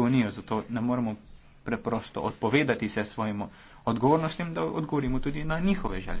unijo, zato ne moramo preprosto odpovedati se svojim odgovornostim, da odgovorimo tudi na njihove želje.